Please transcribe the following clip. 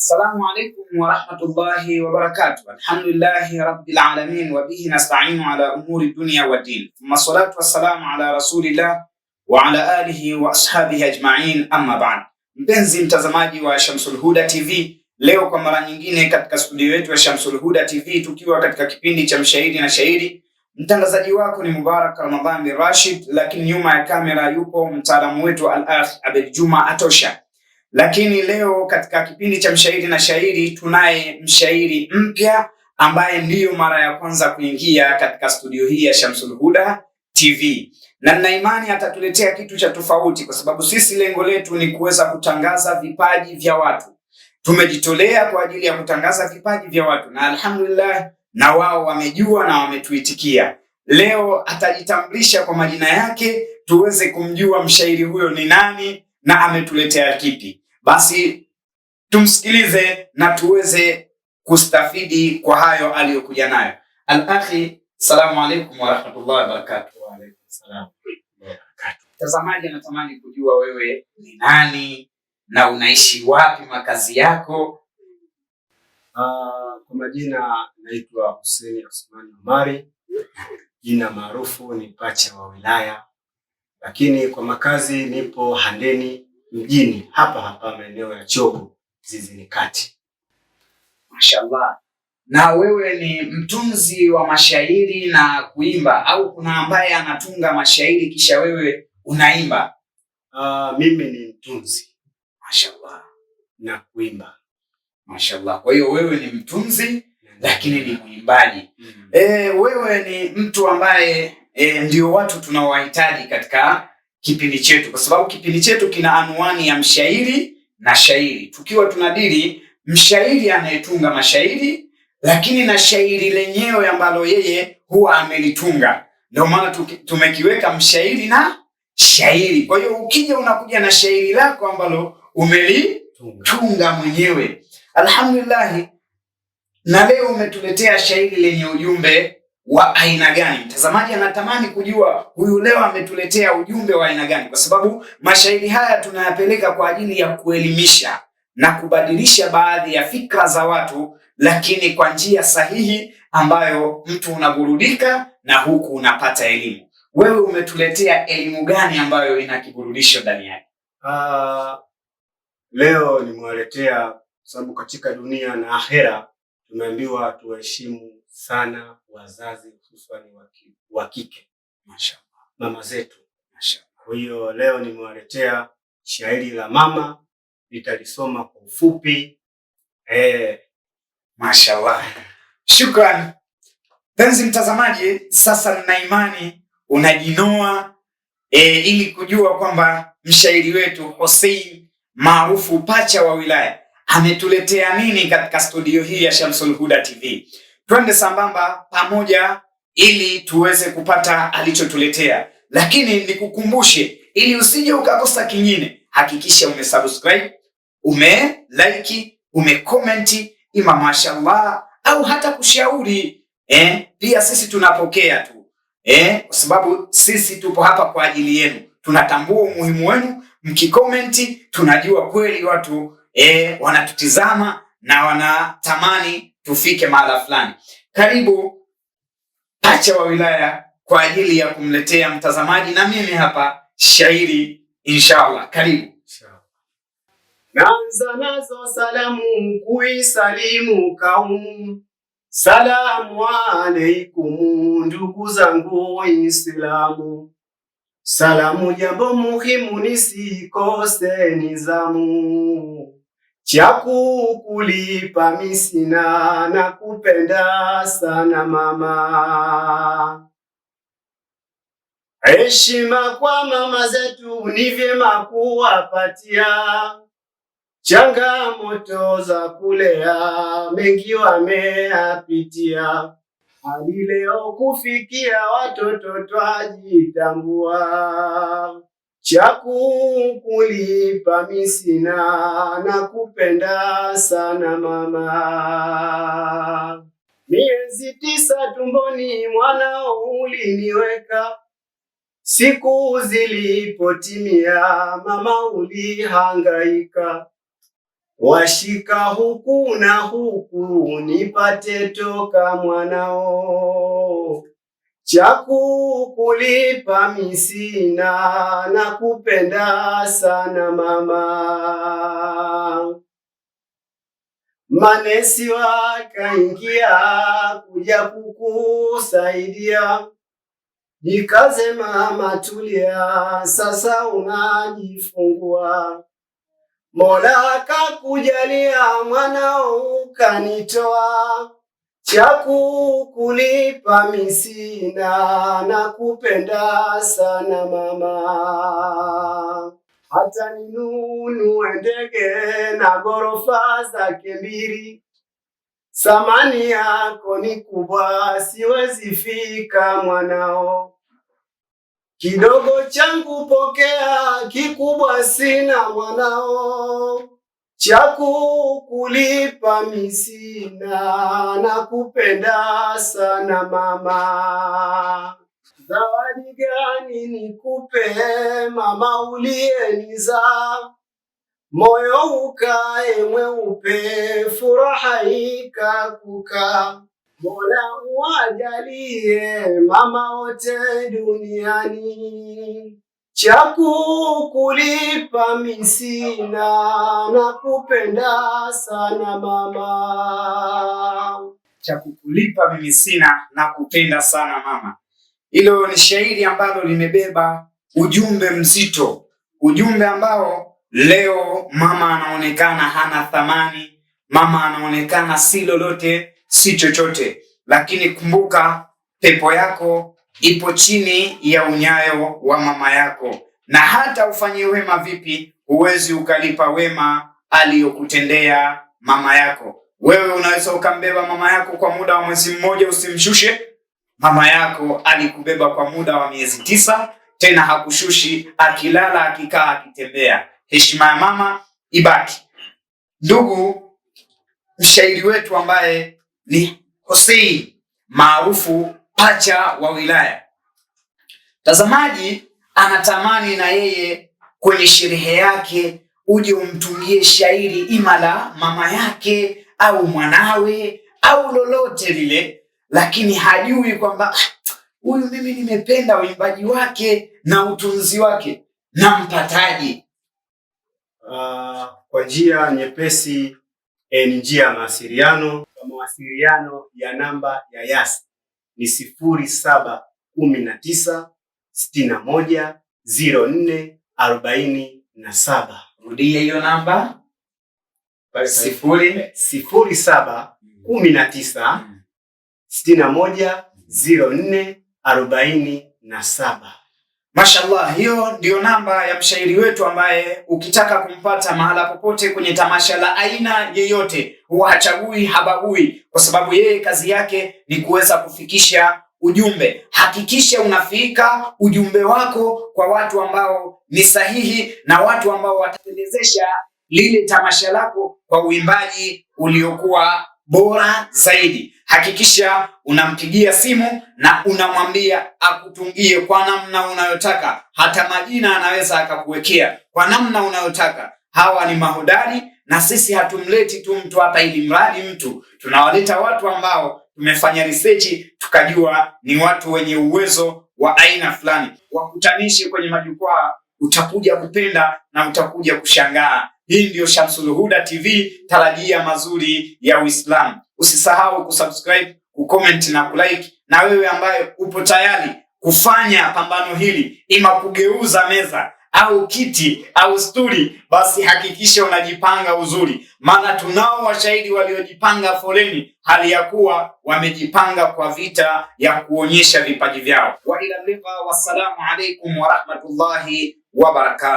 Assalamu alaikum warahmatullahi wabarakatuh. Alhamdulillahi rabbil alamin wa bihi nasta'inu ala umuri dunya wa din. Thumma salatu wassalamu ala rasulillah wa ala alihi wa ashabihi ajma'in, amma ba'd. Mpenzi mtazamaji wa Shamsul Huda TV, leo kwa mara nyingine katika studio yetu ya Shamsul Huda TV tukiwa katika kipindi cha mshairi na shairi. Mtangazaji wako ni Mubarak Ramadhani Rashid, lakini nyuma ya kamera yupo mtaalamu wetu Al-Akh Abed Juma Atosha. Lakini leo katika kipindi cha mshairi na shairi tunaye mshairi mpya ambaye ndiyo mara ya kwanza kuingia katika studio hii ya Shamsul Huda TV na nina imani atatuletea kitu cha tofauti, kwa sababu sisi lengo letu ni kuweza kutangaza vipaji vya watu. Tumejitolea kwa ajili ya kutangaza vipaji vya watu na alhamdulillah, na wao wamejua na wametuitikia. Leo atajitambulisha kwa majina yake tuweze kumjua mshairi huyo ni nani na ametuletea kipi. Basi tumsikilize na tuweze kustafidi kwa hayo aliyokuja nayo. alakhi salamu alaikum warahmatullahi rahmatullahi wa salam. Mtazamaji anatamani kujua wewe ni nani na unaishi wapi, makazi yako? Uh, kwa majina naitwa huseni usmani Omari, jina maarufu ni pacha wa wilaya, lakini kwa makazi nipo Handeni mjini hapa hapa maeneo ya Chogo zizini kati. Mashallah. Na wewe ni mtunzi wa mashairi na kuimba au kuna ambaye anatunga mashairi kisha wewe unaimba? Uh, mimi ni mtunzi. Mashallah. Na kuimba. Mashallah. Kwa hiyo wewe ni mtunzi mm. lakini ni mwimbaji. Mm -hmm. E, wewe ni mtu ambaye e, ndio watu tunawahitaji katika kipindi chetu, kwa sababu kipindi chetu kina anwani ya mshairi na shairi, tukiwa tunadili mshairi anayetunga mashairi, lakini na shairi lenyewe ambalo yeye huwa amelitunga. Ndio maana tumekiweka mshairi na shairi. Kwa hiyo ukija unakuja na shairi lako ambalo umelitunga mwenyewe. Alhamdulillah, na leo umetuletea shairi lenye ujumbe wa aina gani? Mtazamaji anatamani kujua huyu leo ametuletea ujumbe wa aina gani, kwa sababu mashairi haya tunayapeleka kwa ajili ya kuelimisha na kubadilisha baadhi ya fikra za watu, lakini kwa njia sahihi ambayo mtu unaburudika na huku unapata elimu. Wewe umetuletea elimu gani ambayo ina kiburudisho ndani yake? Uh, leo nimewaletea, sababu katika dunia na ahera tumeambiwa tuheshimu sana wazazi hususani wa kike, mama zetu. Kwa hiyo leo nimewaletea shairi la mama, nitalisoma kwa ufupi eh. Mashallah, Shukran penzi mtazamaji, sasa nina imani unajinoa e, ili kujua kwamba mshairi wetu Hussein maarufu pacha wa wilaya ametuletea nini katika studio hii ya Shamsul Huda TV twende sambamba pamoja ili tuweze kupata alichotuletea, lakini nikukumbushe, ili usije ukakosa kingine, hakikisha umesubscribe, ume comment ima mashallah au hata kushauri eh. Pia sisi tunapokea tu eh, kwa sababu sisi tupo hapa kwa ajili yenu, tunatambua umuhimu wenu. Mkikomenti tunajua kweli watu eh, wanatutizama na wanatamani tufike mahala fulani. Karibu pacha wa wilaya kwa ajili ya kumletea mtazamaji na mimi hapa shairi inshallah. Karibu. Naanza nazo salamu kuisalimu kaumu. Salamu aleikum, ndugu zangu Waislamu. Salamu jambo muhimu, nisikose nizamu Chakukulipa misina na kupenda sana mama, heshima kwa mama zetu ni vyema kuwapatia, changamoto za kulea mengi wameyapitia, hadi leo kufikia watoto twajitambua kukulipa misina na kupenda sana mama, miezi tisa tumboni mwanao uliniweka, siku zilipotimia mama ulihangaika, washika huku na huku nipate toka mwanao Chakukulipa misina na nakupenda sana mama. Manesi wakaingia kuja kukusaidia, jikaze mama, tulia, sasa unajifungua. Mola kakujalia mwana ukanitoa chakukulipa misina na kupenda sana mama, hata ninunue ndege na gorofa zake mbili, samani yako ni kubwa, siwezi fika mwanao. Kidogo changu pokea, kikubwa sina mwanao chaku kulipa misina na kupenda sana mama, zawadi gani nikupe mama ulie niza moyo ukae mweupe, furaha ikakuka. Mola uwajalie mama wote duniani chakukulipa misina na kupenda sana mama, chakukulipa mimi sina na kupenda sana mama. Hilo ni shairi ambalo limebeba ujumbe mzito, ujumbe ambao leo mama anaonekana hana thamani, mama anaonekana si lolote si chochote, lakini kumbuka pepo yako ipo chini ya unyayo wa mama yako, na hata ufanye wema vipi, huwezi ukalipa wema aliyokutendea mama yako. Wewe unaweza ukambeba mama yako kwa muda wa mwezi mmoja, usimshushe. Mama yako alikubeba kwa muda wa miezi tisa, tena hakushushi, akilala, akikaa, akitembea. Heshima ya mama ibaki. Ndugu mshairi wetu ambaye ni Hosei maarufu pacha wa wilaya. Mtazamaji anatamani na yeye kwenye sherehe yake uje umtungie shairi ima la mama yake au mwanawe au lolote lile, lakini hajui kwamba ah, huyu mimi nimependa uimbaji wake na utunzi wake na mpataji uh, ah, kwa njia nyepesi eh, ni njia ya mawasiliano, mawasiliano ya namba ya Yasi ni sifuri saba kumi na tisa sitini na moja ziro nne arobaini na saba. Rudia hiyo namba sifuri sifuri saba kumi na tisa mm. sitini na moja ziro nne arobaini na saba. Mashallah, hiyo ndiyo namba ya mshairi wetu ambaye ukitaka kumpata mahala popote kwenye tamasha la aina yeyote, huwa hachagui habagui, kwa sababu yeye kazi yake ni kuweza kufikisha ujumbe. Hakikisha unafika ujumbe wako kwa watu ambao ni sahihi na watu ambao watatendezesha lile tamasha lako kwa uimbaji uliokuwa bora zaidi. Hakikisha unampigia simu na unamwambia akutungie kwa namna unayotaka, hata majina anaweza akakuwekea kwa namna unayotaka. Hawa ni mahodari, na sisi hatumleti tu mtu hapa ili mradi mtu, tunawaleta watu ambao tumefanya research tukajua ni watu wenye uwezo wa aina fulani. Wakutanishe kwenye majukwaa, utakuja kupenda na utakuja kushangaa. Hii ndiyo Shamsul Huda TV, tarajia mazuri ya Uislamu. Usisahau kusubscribe, kucomment na kulike, na wewe ambaye upo tayari kufanya pambano hili, ima kugeuza meza au kiti au stuli, basi hakikisha unajipanga uzuri, maana tunao washahidi waliojipanga foleni, hali ya kuwa wamejipanga kwa vita ya kuonyesha vipaji vyao. wa ila liqa, wassalamu alaikum warahmatullahi wabarakatu.